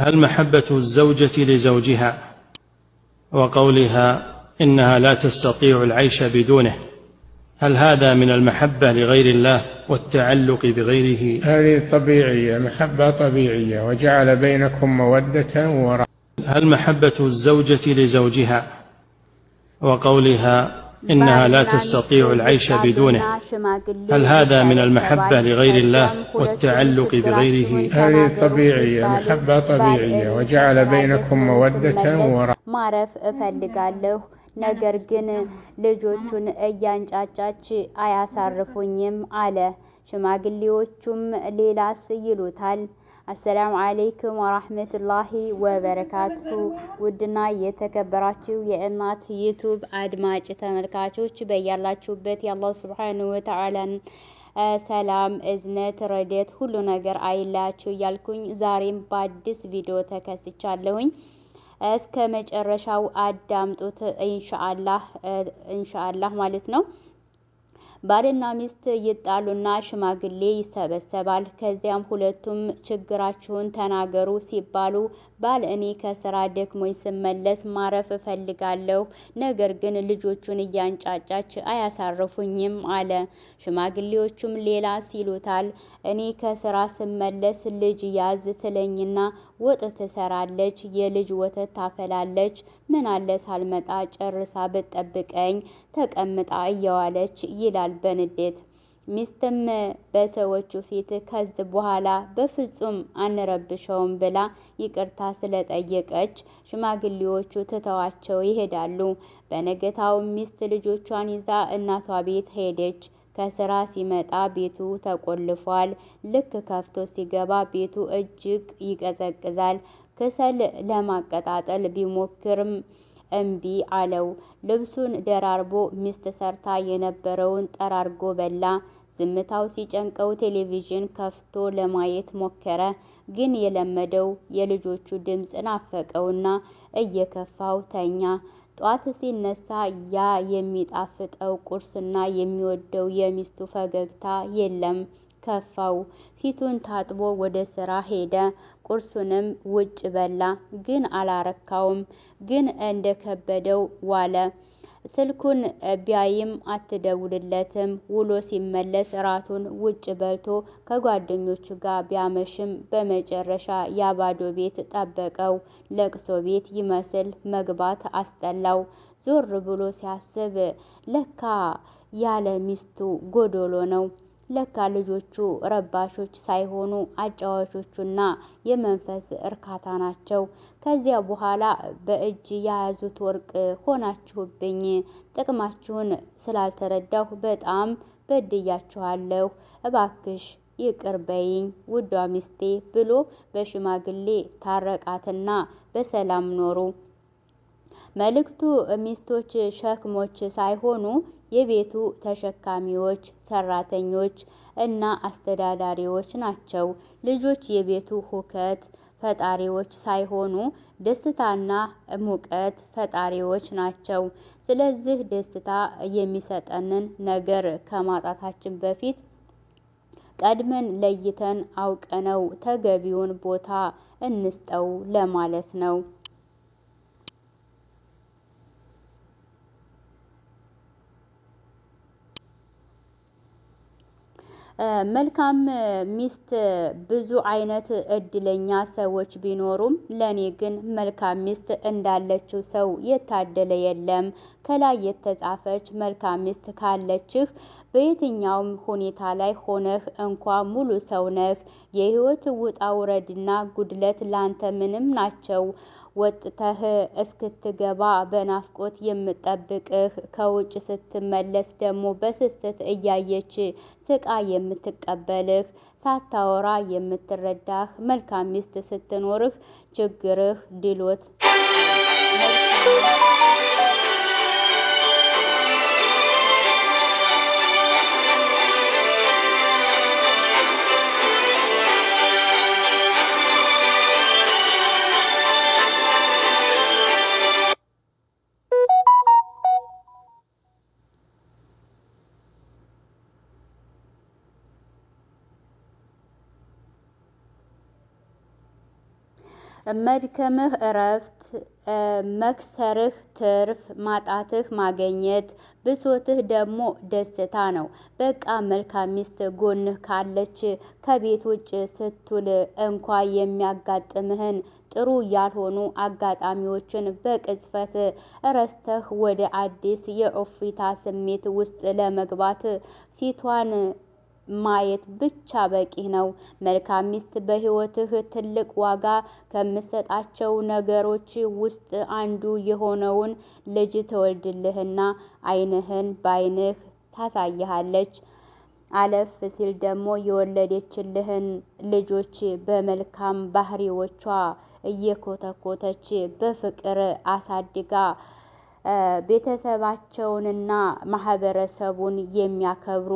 هل محبة الزوجة لزوجها وقولها إنها لا تستطيع العيش بدونه هل هذا من المحبة لغير الله والتعلق بغيره هذه طبيعية محبة طبيعية وجعل بينكم مودة ورحمة هل محبة الزوجة لزوجها وقولها إنها لا تستطيع العيش بدونه هل هذا من المحبة لغير الله والتعلق بغيره هذه طبيعية محبة طبيعية وجعل بينكم مودة ورحمة ነገር ግን ልጆቹን እያንጫጫች አያሳርፉኝም አለ። ሽማግሌዎቹም ሌላስ ይሉታል። አሰላሙ አለይኩም ወራህመቱላሂ ወበረካቱ። ውድና የተከበራችሁ የእናት ዩቱብ አድማጭ ተመልካቾች በያላችሁበት የአላህ ሱብሓነሁ ወተዓላን ሰላም፣ እዝነት፣ ረደት ሁሉ ነገር አይላችሁ እያልኩኝ ዛሬም በአዲስ ቪዲዮ ተከስቻለሁኝ። እስከ መጨረሻው አዳምጡት ኢንሻአላህ ኢንሻአላህ ማለት ነው። ባልና ሚስት ይጣሉና ሽማግሌ ይሰበሰባል። ከዚያም ሁለቱም ችግራችሁን ተናገሩ ሲባሉ ባል እኔ ከስራ ደክሞኝ ስመለስ ማረፍ እፈልጋለሁ፣ ነገር ግን ልጆቹን እያንጫጫች አያሳርፉኝም አለ። ሽማግሌዎቹም ሌላ ሲሉታል። እኔ ከስራ ስመለስ ልጅ ያዝ ትለኝና ወጥ ትሰራለች፣ የልጅ ወተት ታፈላለች። ምን አለ ሳልመጣ ጨርሳ ብትጠብቀኝ ተቀምጣ እየዋለች ይላል በንዴት። ሚስትም በሰዎቹ ፊት ከዝ በኋላ በፍጹም አንረብሸውም ብላ ይቅርታ ስለጠየቀች ሽማግሌዎቹ ትተዋቸው ይሄዳሉ። በነገታው ሚስት ልጆቿን ይዛ እናቷ ቤት ሄደች። ከስራ ሲመጣ ቤቱ ተቆልፏል። ልክ ከፍቶ ሲገባ ቤቱ እጅግ ይቀዘቅዛል። ክሰል ለማቀጣጠል ቢሞክርም እምቢ አለው። ልብሱን ደራርቦ ሚስት ሰርታ የነበረውን ጠራርጎ በላ። ዝምታው ሲጨንቀው ቴሌቪዥን ከፍቶ ለማየት ሞከረ። ግን የለመደው የልጆቹ ድምፅ ናፈቀውና እየከፋው ተኛ። ጧት ሲነሳ ያ የሚጣፍጠው ቁርስና የሚወደው የሚስቱ ፈገግታ የለም። ከፋው። ፊቱን ታጥቦ ወደ ስራ ሄደ። ቁርሱንም ውጭ በላ። ግን አላረካውም። ግን እንደከበደው ዋለ። ስልኩን ቢያይም አትደውልለትም። ውሎ ሲመለስ እራቱን ውጭ በልቶ ከጓደኞቹ ጋር ቢያመሽም በመጨረሻ ያባዶ ቤት ጠበቀው። ለቅሶ ቤት ይመስል መግባት አስጠላው። ዞር ብሎ ሲያስብ ለካ ያለ ሚስቱ ጎዶሎ ነው። ለካ ልጆቹ ረባሾች ሳይሆኑ አጫዋቾቹና የመንፈስ እርካታ ናቸው። ከዚያ በኋላ በእጅ የያዙት ወርቅ ሆናችሁብኝ። ጥቅማችሁን ስላልተረዳሁ በጣም በድያችኋለሁ። እባክሽ ይቅር በይኝ ውዷ ሚስቴ ብሎ በሽማግሌ ታረቃትና በሰላም ኖሩ። መልእክቱ ሚስቶች ሸክሞች ሳይሆኑ የቤቱ ተሸካሚዎች፣ ሰራተኞች እና አስተዳዳሪዎች ናቸው። ልጆች የቤቱ ሁከት ፈጣሪዎች ሳይሆኑ ደስታና ሙቀት ፈጣሪዎች ናቸው። ስለዚህ ደስታ የሚሰጠንን ነገር ከማጣታችን በፊት ቀድመን ለይተን አውቀነው ተገቢውን ቦታ እንስጠው ለማለት ነው። መልካም ሚስት ብዙ አይነት እድለኛ ሰዎች ቢኖሩም ለእኔ ግን መልካም ሚስት እንዳለችው ሰው የታደለ የለም። ከላይ የተጻፈች መልካም ሚስት ካለችህ በየትኛውም ሁኔታ ላይ ሆነህ እንኳ ሙሉ ሰው ነህ። የህይወት ውጣ ውረድና ጉድለት ላንተ ምንም ናቸው። ወጥተህ እስክትገባ በናፍቆት የምጠብቅህ ከውጭ ስትመለስ ደግሞ በስስት እያየች ስቃ የምትቀበልህ፣ ሳታወራ የምትረዳህ፣ መልካም ሚስት ስትኖርህ ችግርህ ድሎት መድከምህ እረፍት፣ መክሰርህ ትርፍ፣ ማጣትህ ማገኘት፣ ብሶትህ ደግሞ ደስታ ነው። በቃ መልካም ሚስት ጎንህ ካለች ከቤት ውጭ ስትውል እንኳ የሚያጋጥምህን ጥሩ ያልሆኑ አጋጣሚዎችን በቅጽበት ረስተህ ወደ አዲስ የእፎይታ ስሜት ውስጥ ለመግባት ፊቷን ማየት ብቻ በቂ ነው። መልካም ሚስት በህይወትህ ትልቅ ዋጋ ከምሰጣቸው ነገሮች ውስጥ አንዱ የሆነውን ልጅ ትወልድልህና አይንህን በአይንህ ታሳይሃለች። አለፍ ሲል ደግሞ የወለደችልህን ልጆች በመልካም ባህሪዎቿ እየኮተኮተች በፍቅር አሳድጋ ቤተሰባቸውንና ማህበረሰቡን የሚያከብሩ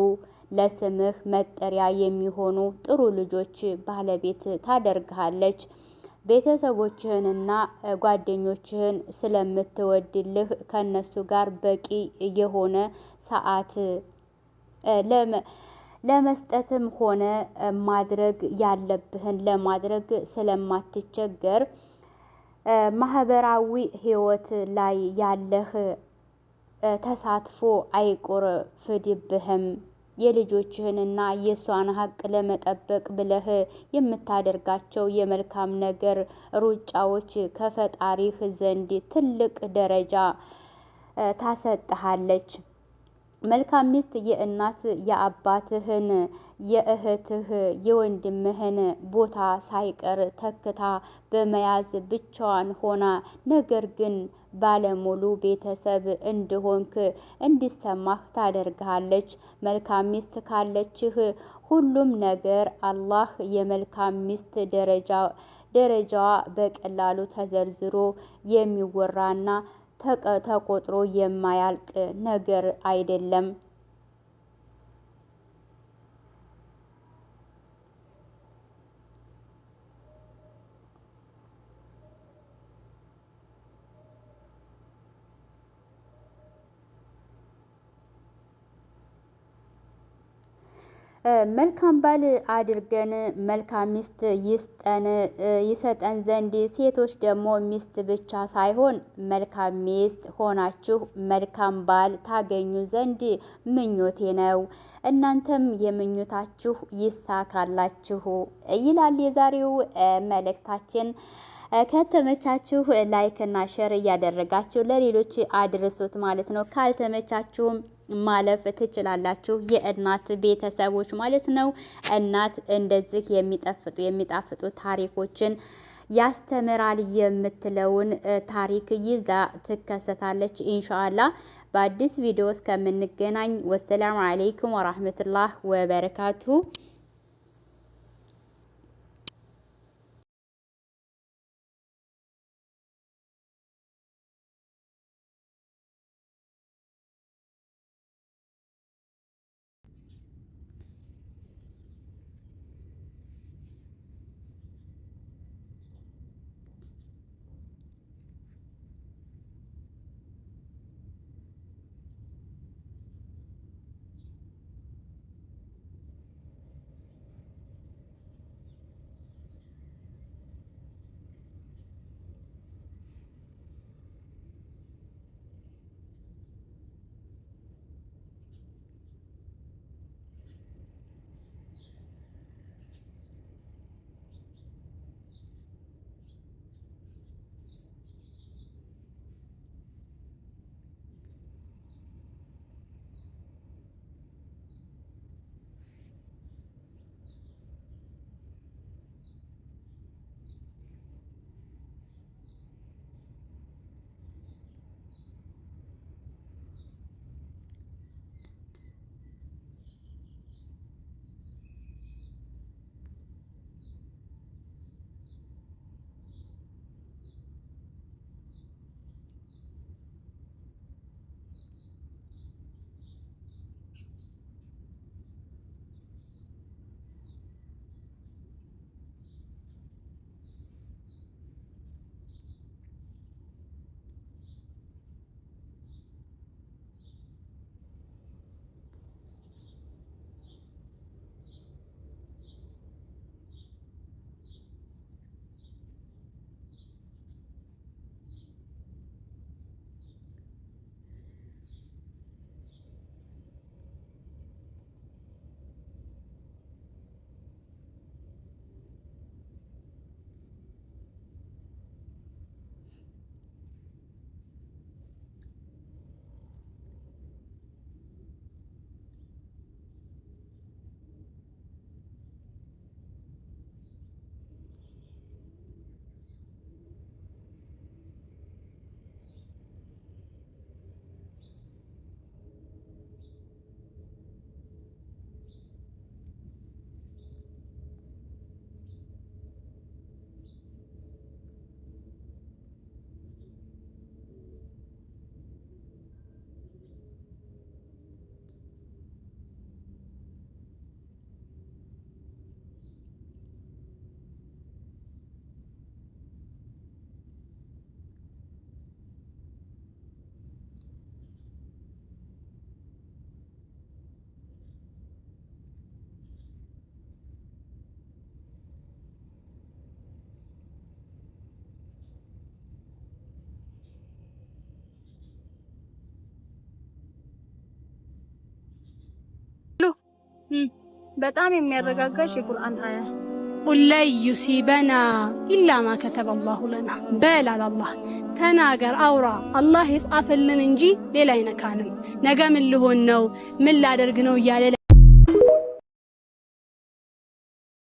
ለስምህ መጠሪያ የሚሆኑ ጥሩ ልጆች ባለቤት ታደርግሃለች። ቤተሰቦችህንና ጓደኞችህን ስለምትወድልህ ከእነሱ ጋር በቂ የሆነ ሰዓት ለመስጠትም ሆነ ማድረግ ያለብህን ለማድረግ ስለማትቸገር ማህበራዊ ህይወት ላይ ያለህ ተሳትፎ አይቆረፍድብህም የልጆችህንና የእሷን ሀቅ ለመጠበቅ ብለህ የምታደርጋቸው የመልካም ነገር ሩጫዎች ከፈጣሪህ ዘንድ ትልቅ ደረጃ ታሰጥሃለች። መልካም ሚስት የእናት የአባትህን የእህትህ የወንድምህን ቦታ ሳይቀር ተክታ በመያዝ ብቻዋን ሆና ነገር ግን ባለሙሉ ቤተሰብ እንደሆንክ እንዲሰማህ ታደርግሃለች። መልካም ሚስት ካለችህ ሁሉም ነገር አላህ የመልካም ሚስት ደረጃዋ በቀላሉ ተዘርዝሮ የሚወራና ተቆጥሮ የማያልቅ ነገር አይደለም። መልካም ባል አድርገን መልካም ሚስት ይስጠን ይሰጠን ዘንድ ሴቶች ደግሞ ሚስት ብቻ ሳይሆን መልካም ሚስት ሆናችሁ መልካም ባል ታገኙ ዘንድ ምኞቴ ነው። እናንተም የምኞታችሁ ይሳካላችሁ ይላል የዛሬው መልእክታችን። ከተመቻችሁ ላይክ እና ሸር እያደረጋችሁ ለሌሎች አድርሱት ማለት ነው። ካልተመቻችሁም ማለፍ ትችላላችሁ። የእናት ቤተሰቦች ማለት ነው። እናት እንደዚህ የሚጠፍጡ የሚጣፍጡ ታሪኮችን ያስተምራል የምትለውን ታሪክ ይዛ ትከሰታለች። ኢንሻአላ በአዲስ ቪዲዮ እስከምንገናኝ ወሰላሙ አሌይኩም ወራህመቱላህ ወበረካቱ። በጣም የሚያረጋጋሽ የቁርአን አያ ቁለይ ዩሲበና ኢላማ ከተበ አላሁ ለና በል አላህ። ተናገር አውራ፣ አላህ የጻፈልን እንጂ ሌላ አይነካንም። ነገ ምን ልሆን ነው ምን ላደርግ ነው እያለ